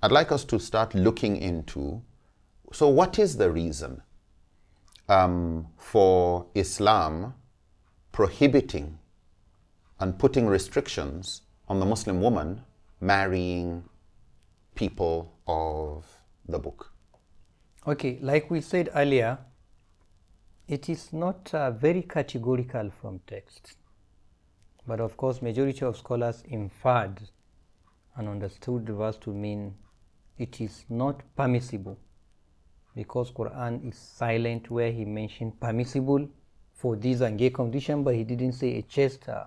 I'd like us to start looking into so, what is the reason um, for Islam prohibiting and putting restrictions on the Muslim woman marrying people of the book? Okay, like we said earlier, it is not uh, very categorical from text. But of course, majority of scholars inferred and understood the verse to mean it is not permissible because Quran is silent where he mentioned permissible for this and gay condition, but he didn't say a chaste uh,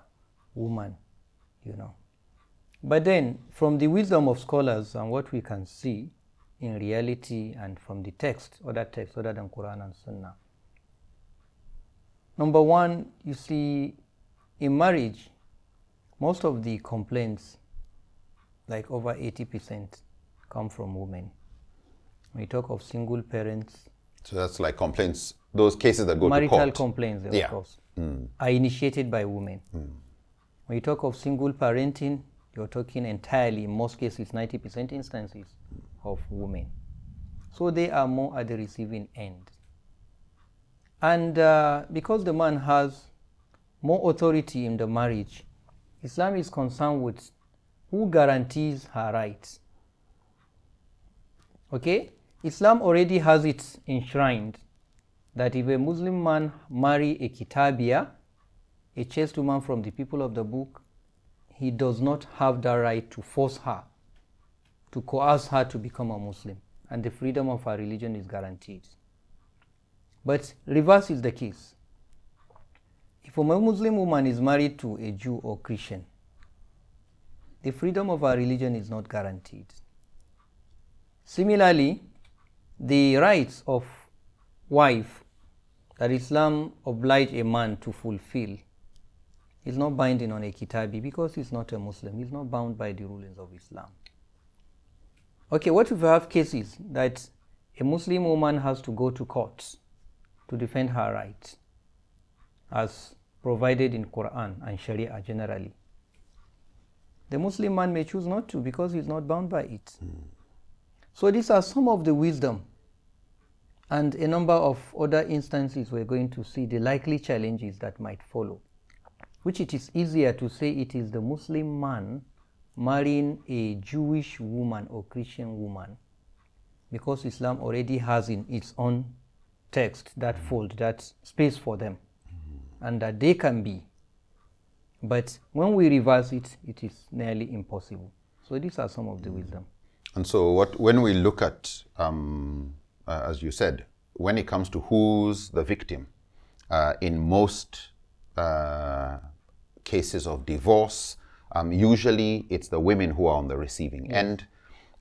woman, you know. But then, from the wisdom of scholars and what we can see in reality and from the text, other texts other than Quran and Sunnah, number one, you see, in marriage, most of the complaints, like over 80%, come from women. We talk of single parents. So that's like complaints, those cases that go marital to court. complaints, of yeah. course, mm. are initiated by women. Mm. When you talk of single parenting, you're talking entirely, in most cases, 90% instances of women. So they are more at the receiving end. And uh, because the man has more authority in the marriage, Islam is concerned with who guarantees her rights okay Islam already has it enshrined that if a Muslim man marry a kitabia, a chaste woman from the people of the book, he does not have the right to force her, to coerce her to become a Muslim, and the freedom of her religion is guaranteed. But reverse is the case. If a Muslim woman is married to a Jew or Christian, the freedom of her religion is not guaranteed. Similarly, the rights of wife that Islam oblige a man to fulfill is not binding on a kitabi because he's not a Muslim. He's not bound by the rulings of Islam. Okay, what if we have cases that a Muslim woman has to go to court to defend her rights as provided in Quran and Sharia generally? The Muslim man may choose not to because he's not bound by it. Mm. So these are some of the wisdom and a number of other instances we're going to see the likely challenges that might follow, which it is easier to say it is the Muslim man marrying a Jewish woman or Christian woman because Islam already has in its own text that mm-hmm. fold, that space for them, mm-hmm. and that they can be. But when we reverse it, it is nearly impossible. So these are some of the mm. wisdom. And so what, when we look at, um, uh, as you said, when it comes to who's the victim, uh, in most uh, cases of divorce, um, usually it's the women who are on the receiving end,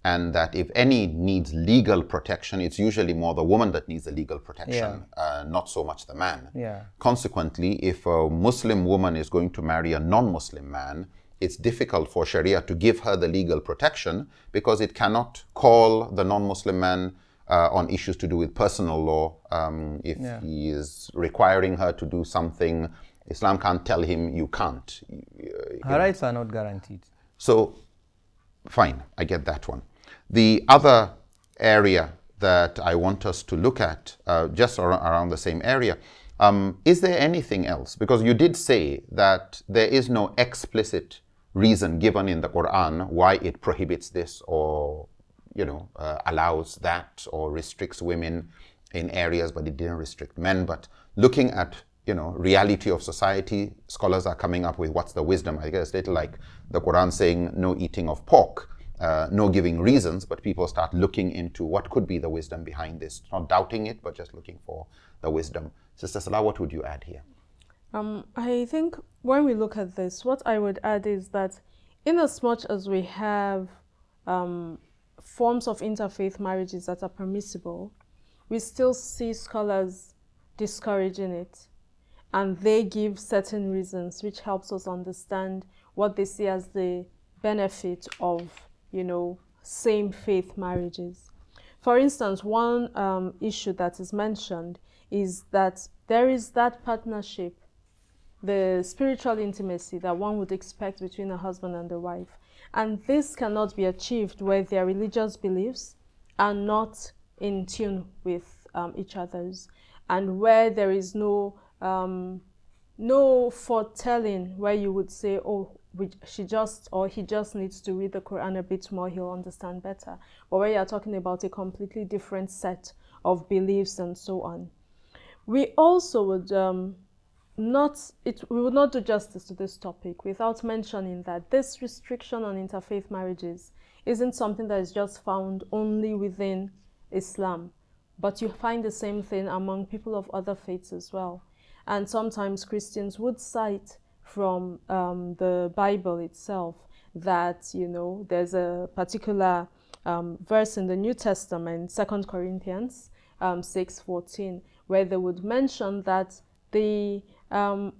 and that if any needs legal protection, it's usually more the woman that needs the legal protection, yeah. Uh, not so much the man. Yeah. Consequently, if a Muslim woman is going to marry a non-Muslim man, it's difficult for Sharia to give her the legal protection because it cannot call the non Muslim man uh, on issues to do with personal law. Um, if yeah. he is requiring her to do something, Islam can't tell him, you can't. You uh, her rights are not guaranteed. So, fine, I get that one. The other area that I want us to look at, uh, just ar around the same area, um, is there anything else? Because you did say that there is no explicit reason given in the Quran why it prohibits this or you know uh, allows that or restricts women in areas but it didn't restrict men but looking at you know reality of society scholars are coming up with what's the wisdom i guess little like the Quran saying no eating of pork uh, no giving reasons, but people start looking into what could be the wisdom behind this. Not doubting it, but just looking for the wisdom. Sister Salah, what would you add here? Um, I think when we look at this, what I would add is that in as much as we have um, forms of interfaith marriages that are permissible, we still see scholars discouraging it. And they give certain reasons, which helps us understand what they see as the benefit of, you know, same faith marriages. For instance, one um, issue that is mentioned is that there is that partnership the spiritual intimacy that one would expect between a husband and a wife. And this cannot be achieved where their religious beliefs are not in tune with um, each other's and where there is no um, no foretelling where you would say, oh, we, she just or he just needs to read the Quran a bit more, he'll understand better. But where you're talking about a completely different set of beliefs and so on. We also would um, not it we would not do justice to this topic without mentioning that this restriction on interfaith marriages isn't something that is just found only within Islam, but you find the same thing among people of other faiths as well. And sometimes Christians would cite from um, the Bible itself that you know there's a particular um, verse in the New Testament, Second Corinthians um, six fourteen, where they would mention that the um,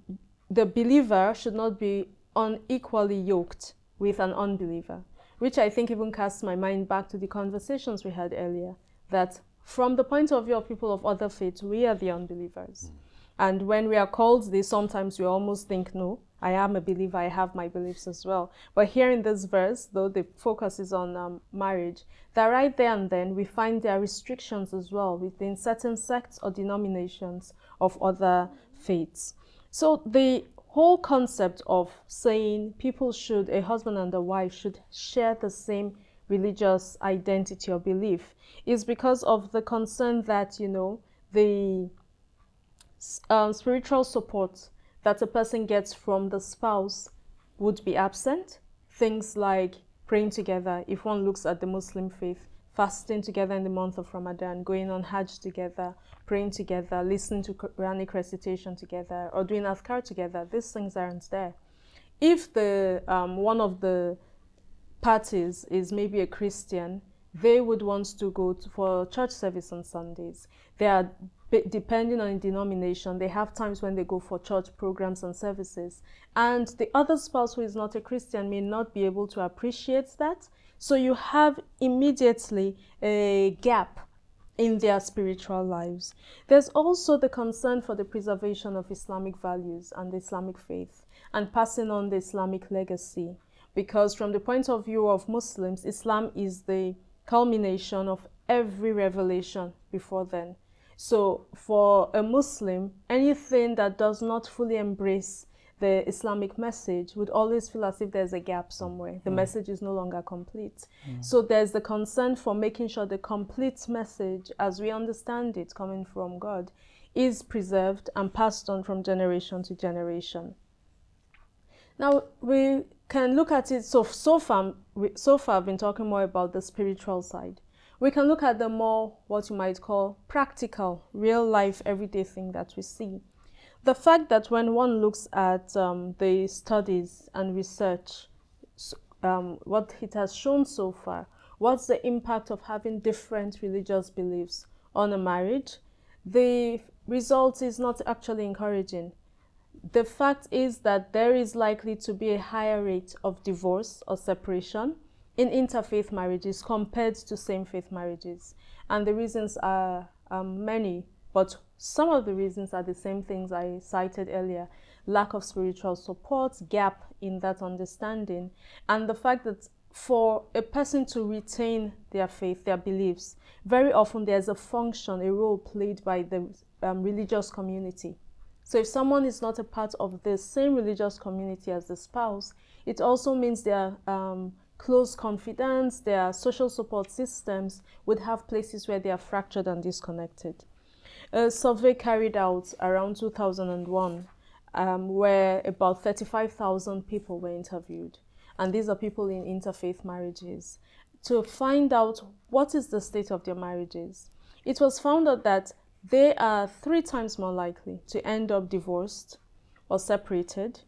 the believer should not be unequally yoked with an unbeliever, which I think even casts my mind back to the conversations we had earlier that from the point of view of people of other faiths, we are the unbelievers. Hmm. And when we are called this, sometimes we almost think, no, I am a believer, I have my beliefs as well. But here in this verse, though the focus is on um, marriage, that right there and then we find there are restrictions as well within certain sects or denominations of other faiths. So the whole concept of saying people should, a husband and a wife should share the same religious identity or belief is because of the concern that, you know, the um, spiritual support that a person gets from the spouse would be absent. Things like praying together, if one looks at the Muslim faith, fasting together in the month of Ramadan, going on Hajj together, praying together, listening to Quranic recitation together, or doing Azkar together, these things aren't there. If the um, one of the parties is maybe a Christian, they would want to go to, for church service on Sundays. They are depending on denomination. They have times when they go for church programs and services. And the other spouse who is not a Christian may not be able to appreciate that so you have immediately a gap in their spiritual lives. There's also the concern for the preservation of Islamic values and the Islamic faith and passing on the Islamic legacy. Because from the point of view of Muslims, Islam is the culmination of every revelation before then. So for a Muslim, anything that does not fully embrace the Islamic message would always feel as if there's a gap somewhere. The mm. message is no longer complete. Mm. So there's the concern for making sure the complete message, as we understand it coming from God, is preserved and passed on from generation to generation. Now, we can look at it, so, so far, we, so far I've been talking more about the spiritual side. We can look at the more, what you might call, practical, real life, everyday thing that we see the fact that when one looks at um, the studies and research, um, what it has shown so far, what's the impact of having different religious beliefs on a marriage, the result is not actually encouraging. The fact is that there is likely to be a higher rate of divorce or separation in interfaith marriages compared to same faith marriages. And the reasons are um, many but some of the reasons are the same things I cited earlier lack of spiritual support, gap in that understanding, and the fact that for a person to retain their faith, their beliefs, very often there's a function, a role played by the um, religious community. So if someone is not a part of the same religious community as the spouse, it also means their um, close confidants, their social support systems would have places where they are fractured and disconnected. A survey carried out around 2001 um, where about 35,000 people were interviewed. And these are people in interfaith marriages to find out what is the state of their marriages. It was found out that they are three times more likely to end up divorced or separated.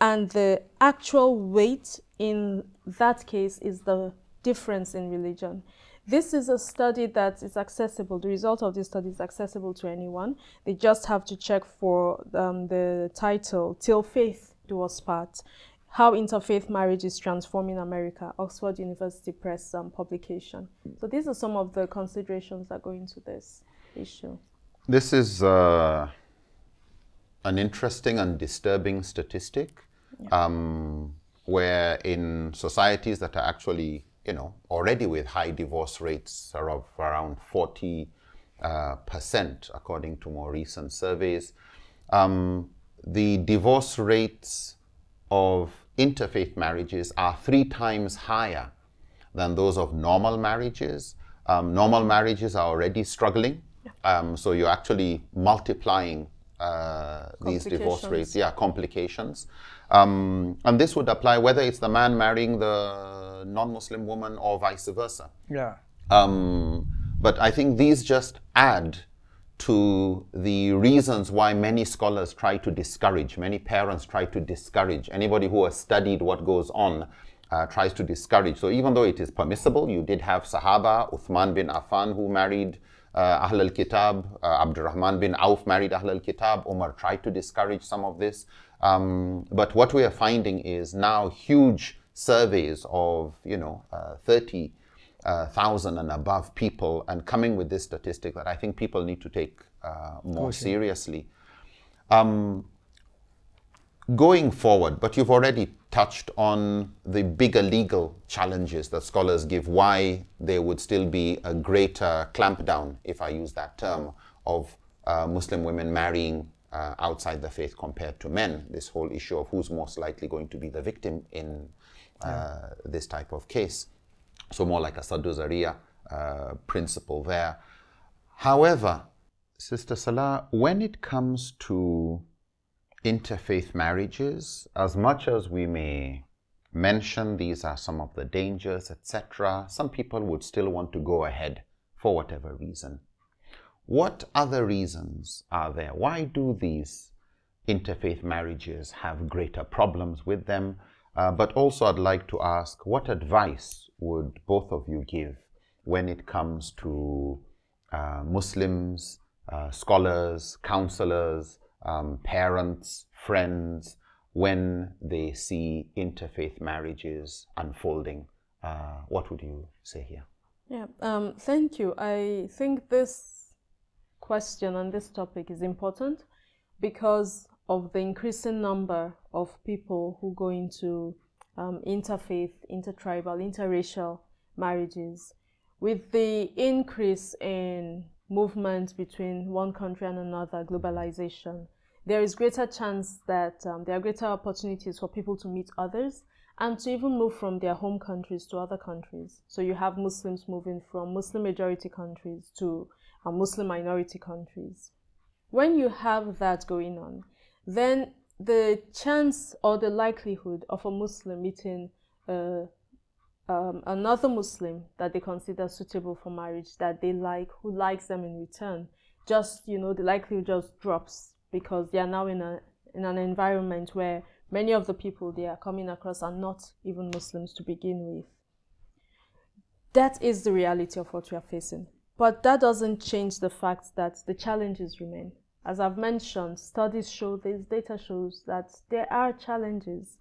And the actual weight in that case is the difference in religion. This is a study that is accessible. The result of this study is accessible to anyone. They just have to check for um, the title, Till Faith Do Us Part, How Interfaith Marriage is Transforming America, Oxford University Press um, publication. So these are some of the considerations that go into this issue. This is uh, an interesting and disturbing statistic yeah. um, where in societies that are actually you know, already with high divorce rates of around 40 uh, percent, according to more recent surveys. Um, the divorce rates of interfaith marriages are three times higher than those of normal marriages. Um, normal marriages are already struggling, um, so you're actually multiplying uh, these divorce rates, yeah, complications. Um, and this would apply whether it's the man marrying the non-Muslim woman or vice versa. Yeah. Um, but I think these just add to the reasons why many scholars try to discourage, many parents try to discourage, anybody who has studied what goes on uh, tries to discourage. So even though it is permissible, you did have Sahaba, Uthman bin Affan, who married uh, Ahl al-Kitab, uh, Abdurrahman bin Auf married Ahl al-Kitab, Umar tried to discourage some of this. Um, but what we are finding is now huge surveys of, you know, uh, 30,000 uh, and above people and coming with this statistic that I think people need to take uh, more okay. seriously. Um, Going forward, but you've already touched on the bigger legal challenges that scholars give, why there would still be a greater clampdown, if I use that term, of uh, Muslim women marrying uh, outside the faith compared to men. This whole issue of who's most likely going to be the victim in uh, yeah. this type of case. So, more like a Sadduzaria uh, principle there. However, Sister Salah, when it comes to interfaith marriages, as much as we may mention these are some of the dangers, etc., some people would still want to go ahead for whatever reason. What other reasons are there? Why do these interfaith marriages have greater problems with them? Uh, but also, I'd like to ask what advice would both of you give when it comes to uh, Muslims, uh, scholars, counselors, um, parents, friends, when they see interfaith marriages unfolding. Uh, what would you say here? Yeah, um, thank you. I think this question and this topic is important because of the increasing number of people who go into um, interfaith, intertribal, interracial marriages. With the increase in movement between one country and another, globalization, there is greater chance that um, there are greater opportunities for people to meet others and to even move from their home countries to other countries. So you have Muslims moving from Muslim majority countries to uh, Muslim minority countries. When you have that going on, then the chance or the likelihood of a Muslim meeting a uh, um, another Muslim that they consider suitable for marriage that they like, who likes them in return. Just, you know, the likelihood just drops because they are now in, a, in an environment where many of the people they are coming across are not even Muslims to begin with. That is the reality of what we are facing. But that doesn't change the fact that the challenges remain. As I've mentioned, studies show this, data shows that there are challenges.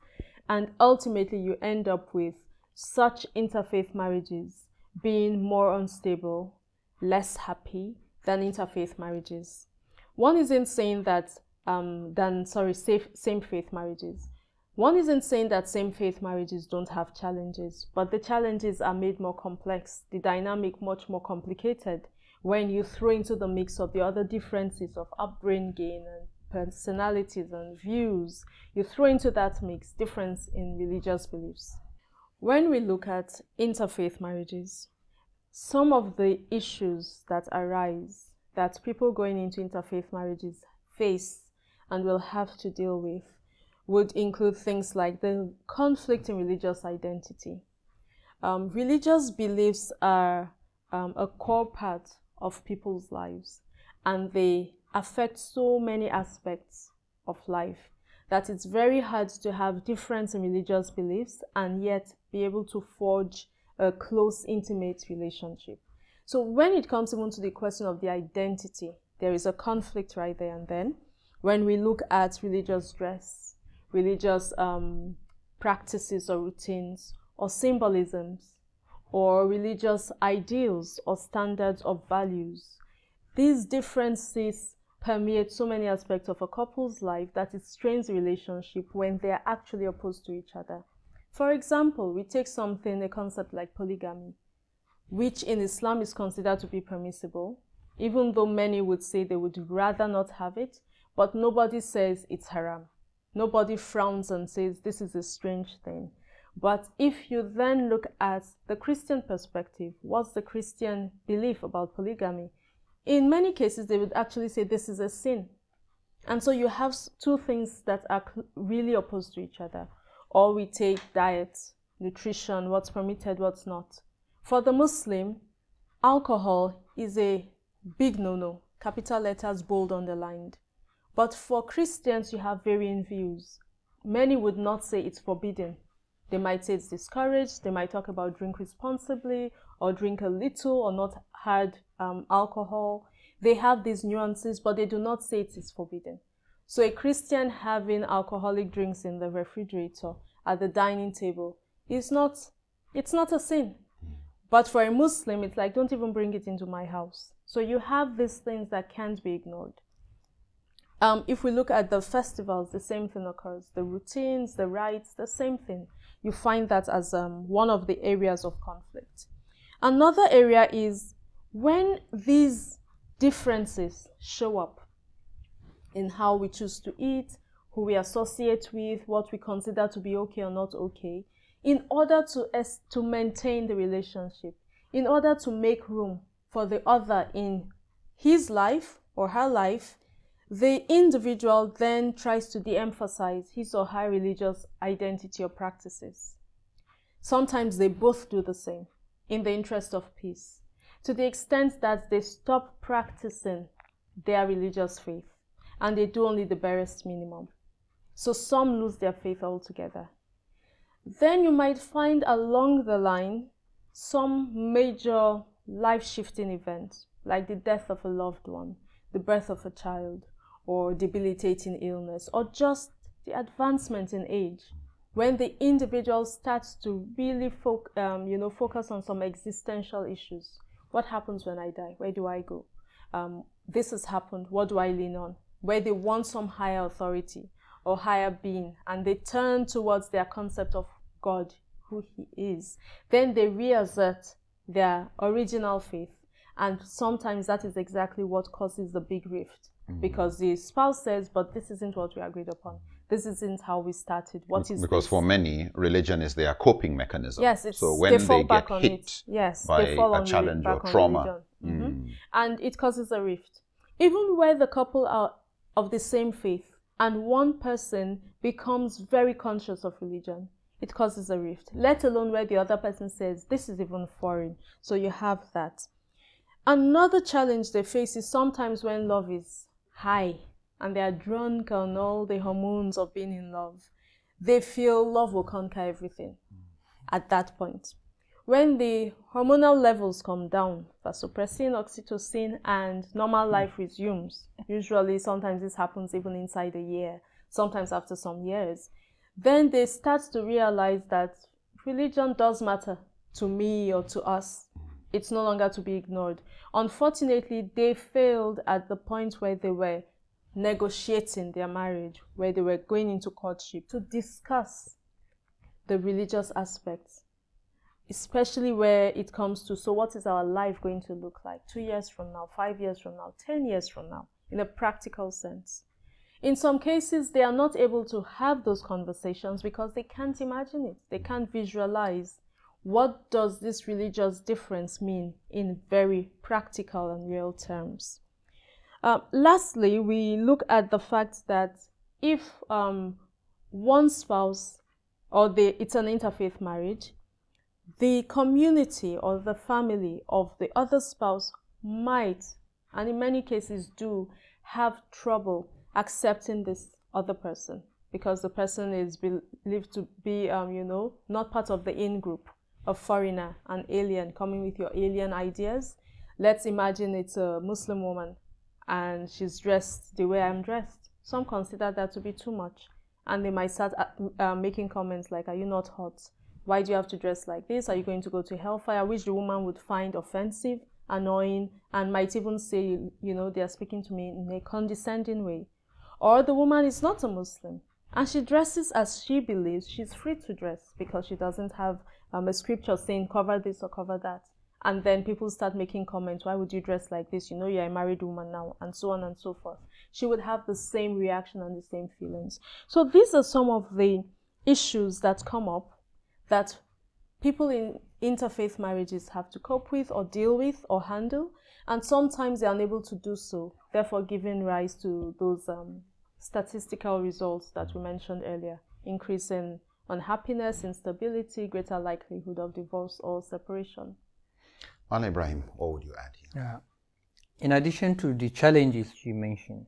And ultimately, you end up with such interfaith marriages being more unstable, less happy than interfaith marriages. One isn't saying that, um, than, sorry, safe, same faith marriages. One isn't saying that same faith marriages don't have challenges, but the challenges are made more complex, the dynamic much more complicated when you throw into the mix of the other differences of upbringing and personalities and views. You throw into that mix difference in religious beliefs. When we look at interfaith marriages, some of the issues that arise that people going into interfaith marriages face and will have to deal with would include things like the conflict in religious identity. Um, religious beliefs are um, a core part of people's lives and they affect so many aspects of life that it's very hard to have different religious beliefs and yet be able to forge a close, intimate relationship. So, when it comes even to the question of the identity, there is a conflict right there and then. When we look at religious dress, religious um, practices or routines, or symbolisms, or religious ideals or standards of values, these differences permeates so many aspects of a couple's life that it strains the relationship when they are actually opposed to each other. For example, we take something, a concept like polygamy, which in Islam is considered to be permissible, even though many would say they would rather not have it, but nobody says it's haram. Nobody frowns and says this is a strange thing. But if you then look at the Christian perspective, what's the Christian belief about polygamy? In many cases, they would actually say this is a sin. And so you have two things that are really opposed to each other. Or we take diet, nutrition, what's permitted, what's not. For the Muslim, alcohol is a big no no, capital letters bold underlined. But for Christians, you have varying views. Many would not say it's forbidden. They might say it's discouraged, they might talk about drink responsibly, or drink a little, or not hard um, alcohol. They have these nuances, but they do not say it is forbidden. So a Christian having alcoholic drinks in the refrigerator at the dining table is not, it's not a sin. But for a Muslim, it's like, don't even bring it into my house. So you have these things that can't be ignored. Um, if we look at the festivals, the same thing occurs. The routines, the rites, the same thing. You find that as um, one of the areas of conflict. Another area is when these differences show up in how we choose to eat, who we associate with, what we consider to be okay or not okay, in order to, to maintain the relationship, in order to make room for the other in his life or her life, the individual then tries to de emphasize his or her religious identity or practices. Sometimes they both do the same in the interest of peace to the extent that they stop practicing their religious faith and they do only the barest minimum. So some lose their faith altogether. Then you might find along the line some major life shifting event, like the death of a loved one, the birth of a child, or debilitating illness, or just the advancement in age. When the individual starts to really fo- um, you know, focus on some existential issues, what happens when I die? Where do I go? Um, this has happened. What do I lean on? Where they want some higher authority or higher being and they turn towards their concept of God, who He is, then they reassert their original faith. And sometimes that is exactly what causes the big rift mm. because the spouse says, But this isn't what we agreed upon this isn't how we started. What is because because for many, religion is their coping mechanism. Yes, it's, so when they, they get hit it. Yes, by a challenge or trauma, mm-hmm. mm -hmm. and it causes a rift. Even where the couple are of the same faith and one person becomes very conscious of religion, it causes a rift. Let alone where the other person says this is even foreign. So you have that. Another challenge they face is sometimes when love is high and they are drunk on all the hormones of being in love, they feel love will conquer everything mm. at that point. When the hormonal levels come down, vasopressin, oxytocin, and normal mm. life resumes, usually sometimes this happens even inside a year, sometimes after some years, then they start to realize that religion does matter to me or to us. Mm. It's no longer to be ignored. Unfortunately, they failed at the point where they were negotiating their marriage, where they were going into courtship to discuss the religious aspects, especially where it comes to so, what is our life going to look like two years from now, five years from now, ten years from now, in a practical sense. In some cases, they are not able to have those conversations because they can't imagine it. They can't visualize what does this religious difference mean in very practical and real terms. Uh, lastly, we look at the fact that if um, one spouse or the, it's an interfaith marriage, the community or the family of the other spouse might, and in many cases do, have trouble accepting this other person because the person is believed to be, um, you know, not part of the in group, a foreigner, an alien, coming with your alien ideas. Let's imagine it's a Muslim woman and she's dressed the way I'm dressed. Some consider that to be too much, and they might start uh, uh, making comments like, Are you not hot? Why do you have to dress like this? Are you going to go to hellfire? Which the woman would find offensive, annoying, and might even say, You know, they are speaking to me in a condescending way. Or the woman is not a Muslim, and she dresses as she believes she's free to dress because she doesn't have um, a scripture saying cover this or cover that and then people start making comments why would you dress like this you know you're a married woman now and so on and so forth she would have the same reaction and the same feelings so these are some of the issues that come up that people in interfaith marriages have to cope with or deal with or handle and sometimes they're unable to do so therefore giving rise to those um, statistical results that we mentioned earlier increasing unhappiness instability greater likelihood of divorce or separation well, Ibrahim, what would you add here? Yeah. In addition to the challenges she mentioned,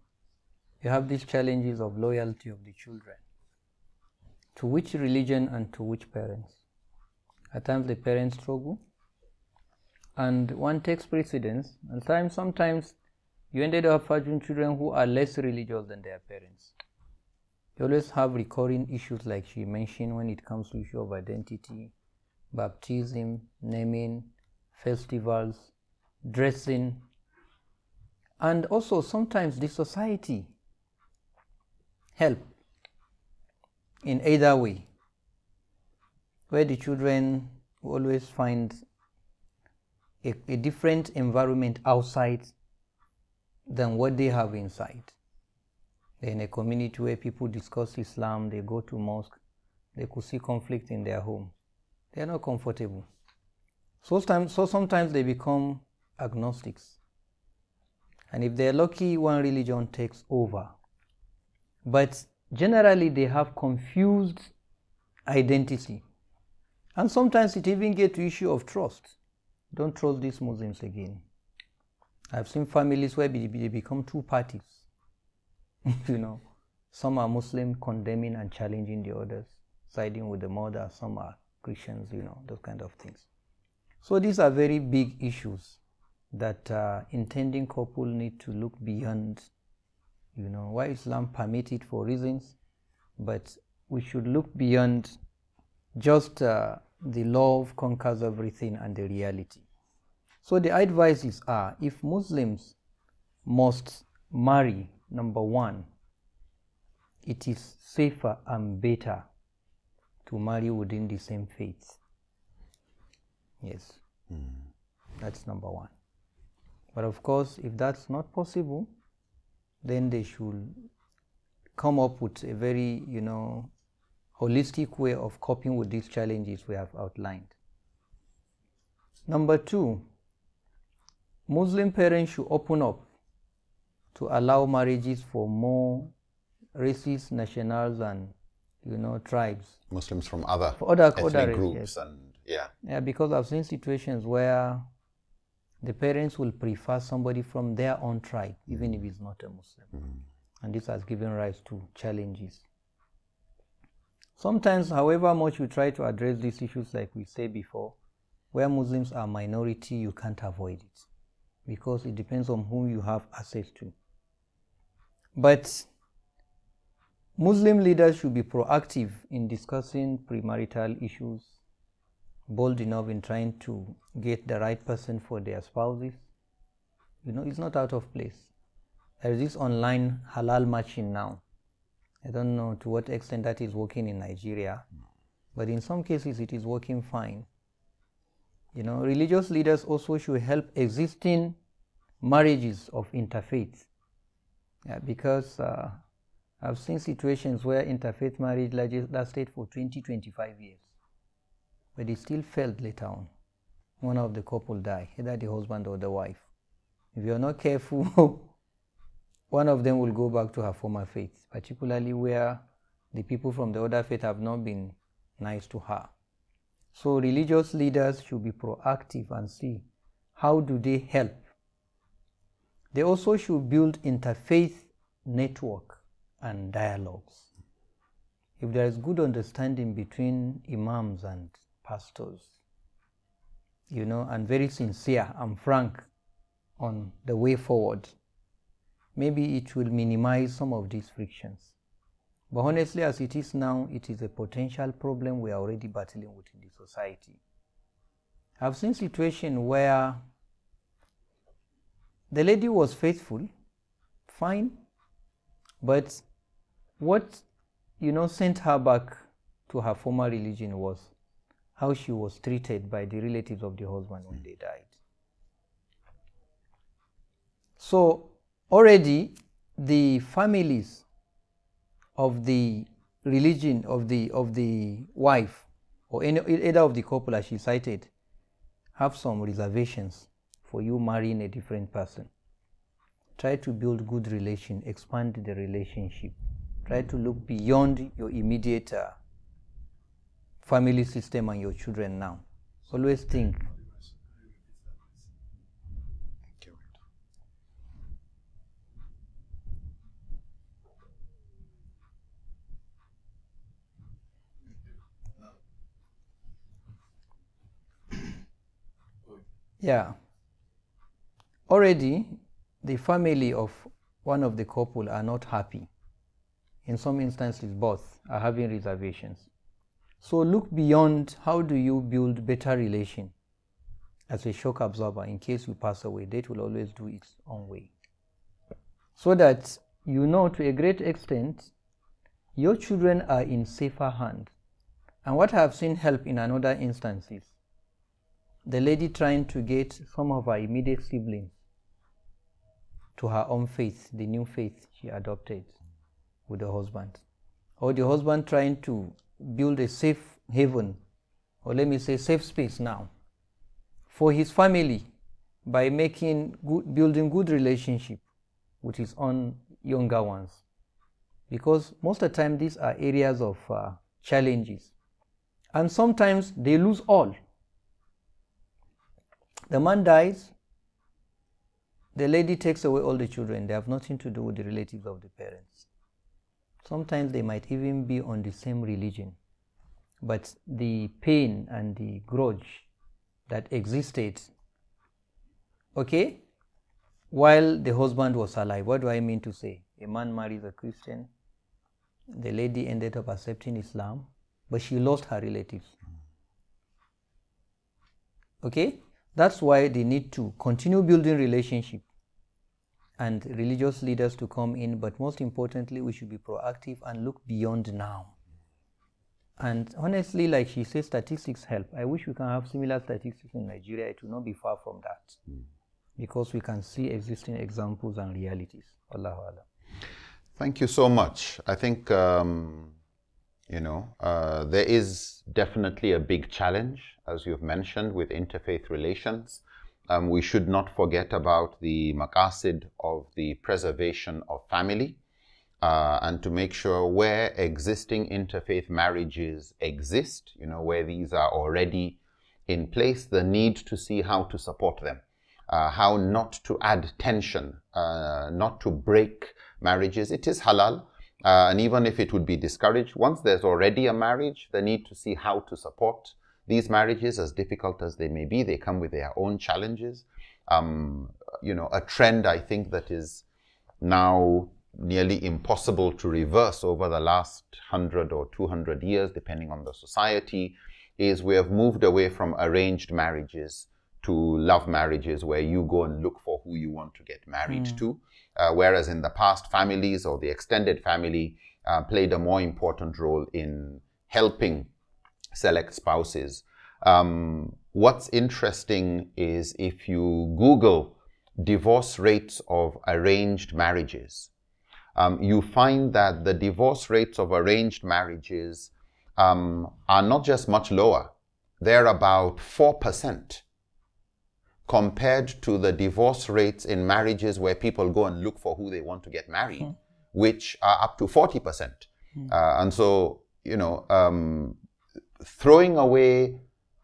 you have these challenges of loyalty of the children to which religion and to which parents. At times the parents struggle, and one takes precedence. And times, sometimes you ended up having children who are less religious than their parents. You always have recurring issues, like she mentioned, when it comes to issue of identity, baptism, naming, festivals, dressing, and also sometimes the society help in either way, where the children always find a, a different environment outside than what they have inside. They're in a community where people discuss Islam, they go to mosque, they could see conflict in their home. They are not comfortable. So, so sometimes they become agnostics. And if they're lucky, one religion takes over. But generally, they have confused identity. And sometimes it even gets to issue of trust. Don't trust these Muslims again. I've seen families where they become two parties. you know, some are Muslim condemning and challenging the others, siding with the mother, some are Christians, you know, those kind of things. So these are very big issues that uh, intending couple need to look beyond, you know, why Islam permitted for reasons, but we should look beyond just uh, the love conquers everything and the reality. So the advices are if Muslims must marry, number one, it is safer and better to marry within the same faith. Yes. Mm. That's number one. But of course, if that's not possible, then they should come up with a very, you know, holistic way of coping with these challenges we have outlined. Number two, Muslim parents should open up to allow marriages for more races, nationals, and you know tribes. Muslims from other other, ethnic other groups yes. and yeah. Yeah, because I've seen situations where the parents will prefer somebody from their own tribe, even if mm. he's not a Muslim. Mm. And this has given rise to challenges. Sometimes, however much you try to address these issues, like we said before, where Muslims are minority, you can't avoid it because it depends on whom you have access to. But Muslim leaders should be proactive in discussing premarital issues, bold enough in trying to get the right person for their spouses, you know, it's not out of place. There is this online halal matching now. I don't know to what extent that is working in Nigeria, but in some cases it is working fine. You know, religious leaders also should help existing marriages of interfaith yeah, because uh, I've seen situations where interfaith marriage lasted for 20, 25 years but he still failed later on. One of the couple die, either the husband or the wife. If you're not careful, one of them will go back to her former faith, particularly where the people from the other faith have not been nice to her. So religious leaders should be proactive and see how do they help. They also should build interfaith network and dialogues. If there is good understanding between imams and pastors. You know, and very sincere and frank on the way forward. Maybe it will minimize some of these frictions. But honestly, as it is now, it is a potential problem we are already battling with in the society. I've seen situations where the lady was faithful, fine, but what you know sent her back to her former religion was how she was treated by the relatives of the husband when they died. So already the families of the religion of the of the wife or any either of the couple as she cited have some reservations for you marrying a different person. Try to build good relation, expand the relationship. Try to look beyond your immediate uh, family system and your children now. Always think. Yeah. Already, the family of one of the couple are not happy. In some instances, both are having reservations. So look beyond how do you build better relation as a shock absorber in case you pass away. that will always do its own way. So that you know to a great extent your children are in safer hands. And what I have seen help in another instances, the lady trying to get some of her immediate siblings to her own faith, the new faith she adopted with the husband, or the husband trying to build a safe haven, or let me say safe space now, for his family by making good, building good relationship with his own younger ones. Because most of the time these are areas of uh, challenges. And sometimes they lose all. The man dies, the lady takes away all the children. They have nothing to do with the relatives of the parents. Sometimes they might even be on the same religion, but the pain and the grudge that existed, okay, while the husband was alive. What do I mean to say? A man marries a Christian, the lady ended up accepting Islam, but she lost her relatives. Okay? That's why they need to continue building relationship and religious leaders to come in, but most importantly, we should be proactive and look beyond now. And honestly, like she says, statistics help. I wish we can have similar statistics in Nigeria. It will not be far from that hmm. because we can see existing examples and realities. Allahu Allah. Thank you so much. I think, um, you know, uh, there is definitely a big challenge, as you've mentioned, with interfaith relations. Um, we should not forget about the maqasid of the preservation of family uh, and to make sure where existing interfaith marriages exist, you know, where these are already in place, the need to see how to support them, uh, how not to add tension, uh, not to break marriages. It is halal. Uh, and even if it would be discouraged, once there's already a marriage, the need to see how to support these marriages, as difficult as they may be, they come with their own challenges. Um, you know, a trend I think that is now nearly impossible to reverse over the last 100 or 200 years, depending on the society, is we have moved away from arranged marriages to love marriages where you go and look for who you want to get married mm. to. Uh, whereas in the past, families or the extended family uh, played a more important role in helping select spouses. Um, what's interesting is if you Google divorce rates of arranged marriages, um, you find that the divorce rates of arranged marriages um, are not just much lower, they're about 4% compared to the divorce rates in marriages where people go and look for who they want to get married, mm. which are up to 40%. Hmm. Uh, and so, you know, um, throwing away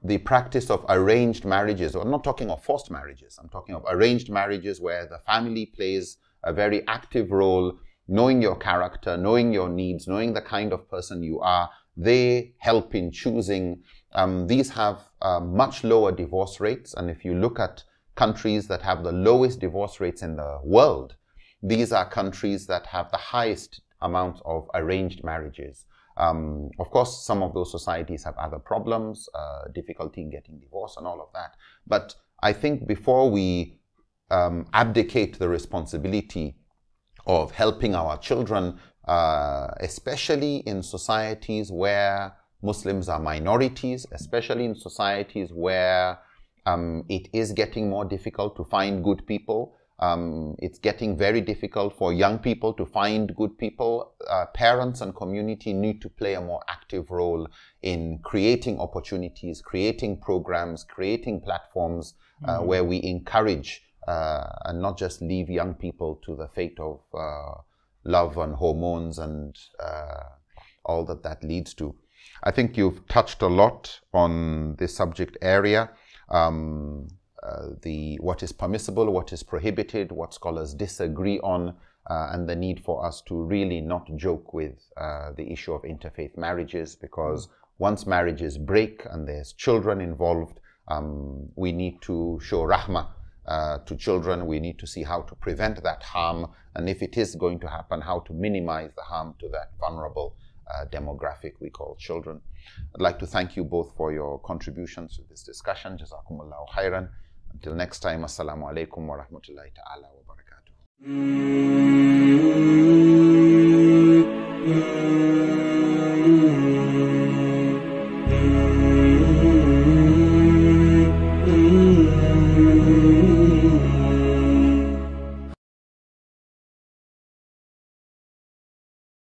the practice of arranged marriages, or I'm not talking of forced marriages, I'm talking of arranged marriages where the family plays a very active role, knowing your character, knowing your needs, knowing the kind of person you are. They help in choosing. Um, these have uh, much lower divorce rates, and if you look at countries that have the lowest divorce rates in the world, these are countries that have the highest amount of arranged marriages. Um, of course, some of those societies have other problems, uh, difficulty in getting divorce and all of that. But I think before we um, abdicate the responsibility of helping our children, uh, especially in societies where Muslims are minorities, especially in societies where um, it is getting more difficult to find good people, um, it's getting very difficult for young people to find good people. Uh, parents and community need to play a more active role in creating opportunities, creating programs, creating platforms uh, mm-hmm. where we encourage uh, and not just leave young people to the fate of uh, love and hormones and uh, all that that leads to. I think you've touched a lot on this subject area. Um, uh, the what is permissible, what is prohibited, what scholars disagree on, uh, and the need for us to really not joke with uh, the issue of interfaith marriages because once marriages break and there's children involved, um, we need to show rahmah uh, to children. We need to see how to prevent that harm, and if it is going to happen, how to minimize the harm to that vulnerable uh, demographic we call children. I'd like to thank you both for your contributions to this discussion. Jazakumullahu khairan. Until next time, Assalamu alaikum wa rahmatullahi ta'ala wa barakatuh. Mm-hmm. Mm-hmm.